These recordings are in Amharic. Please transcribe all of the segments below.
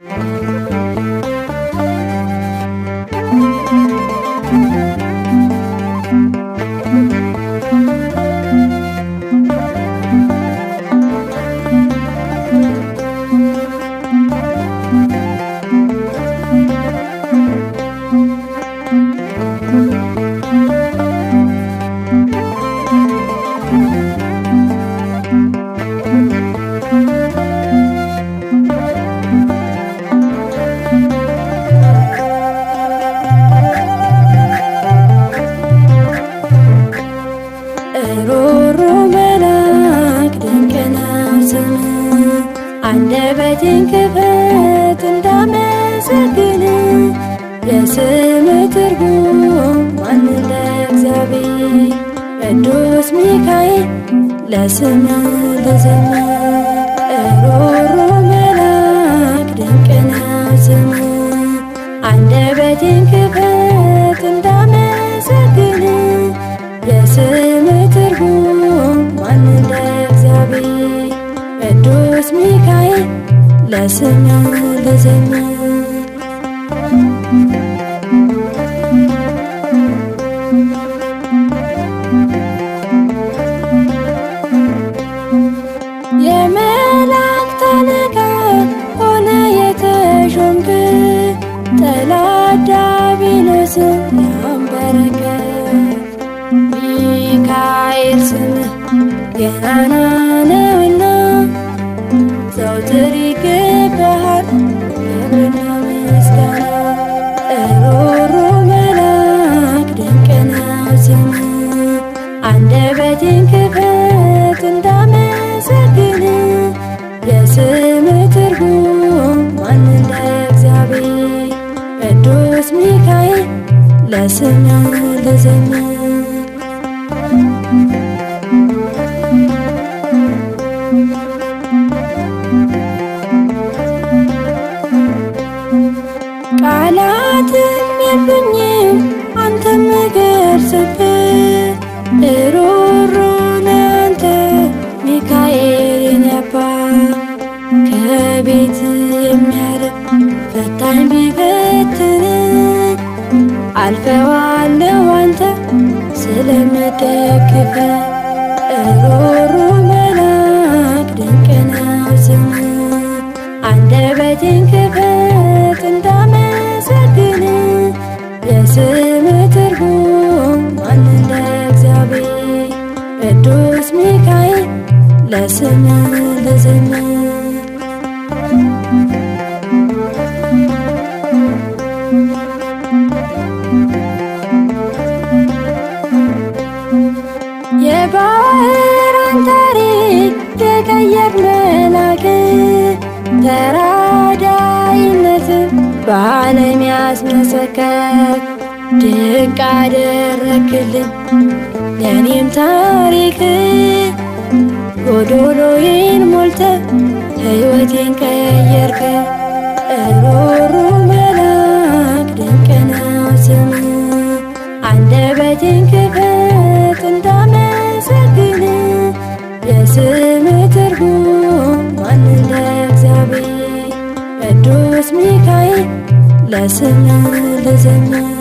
thank mm. you አንደበቴን ክፈት እንዳመሰግን የስም ትርጉም ማንነ እግዚአብሔር ቅዱስ ሚካኤል ለስም ልዘምር እሮሮ መላክ ድንቅ ነው ስም አንደበቴን ክፈት እንዳመሰግን የስም በዘመን በዘመን የመላእክት አለቃ ሆነ የተሾምክ ጠላት ዲያብሎስን ያንበረከ ሚካኤል ስምህ ገናና አንደበቴን ክፈት እንዳመሰግን የስም ትርጉም ማን እንደ እግዚአብሔር ቅዱስ ሚካኤል ለስም ልዘምር ሩሩ ናንተ ከቤት የሚያርቅ ፈታኝ ቢፈትን አልፈዋለሁ አንተ ስለምደግፈ ሩሩ መላክ ድንቅ ነው ስም አንደበቴን ክፈት እንዳመሰግን የስ ቅዱስ ሚካኤል ለስም ልዝምር የባህርን ታሪክ የቀየር መላክ ተራዳይነት በዓለም ያስመሰከር ድንቅ አደረክልን ለእኔም ታሪክ ጎዶሎዬን ሞልተ ሕይወቴን ቀየርከ እሮሩ መላክ ድንቅ ነው ስም አንደበቴን ክፈት እንዳመሰግን የስም ትርጉም ማንነ እግዚአብሔር ቅዱስ ሚካኤል ለስም ልዘምር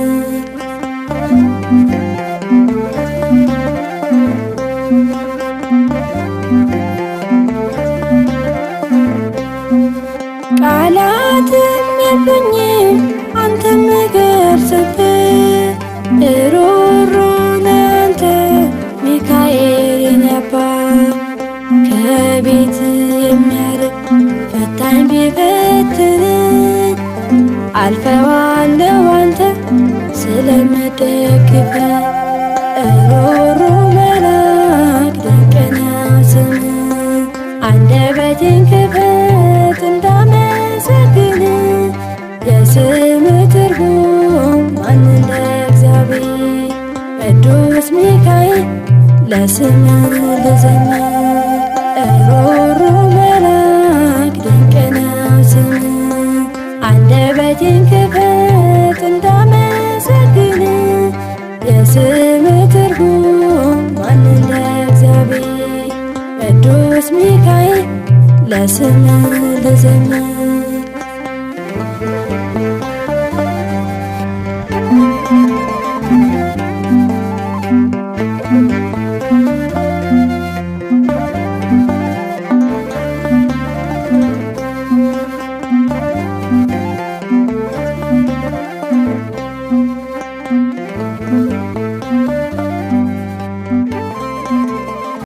ሳይበትን አልፈዋለው አንተ ስለመደግፈ እሮሮ መላክ ድንቅና ስም አንደበቴን ክፈት እንዳመሰግን የስም ትርጉም እግዚአብሔር ቅዱስ ሚካኤል ለስም ልዘመር ያንተን ክብረት እንዳመሰግን የስም ትርጉም ማንነ እግዚአብሔር ቅዱስ ሚካኤል ለስም ልዘምር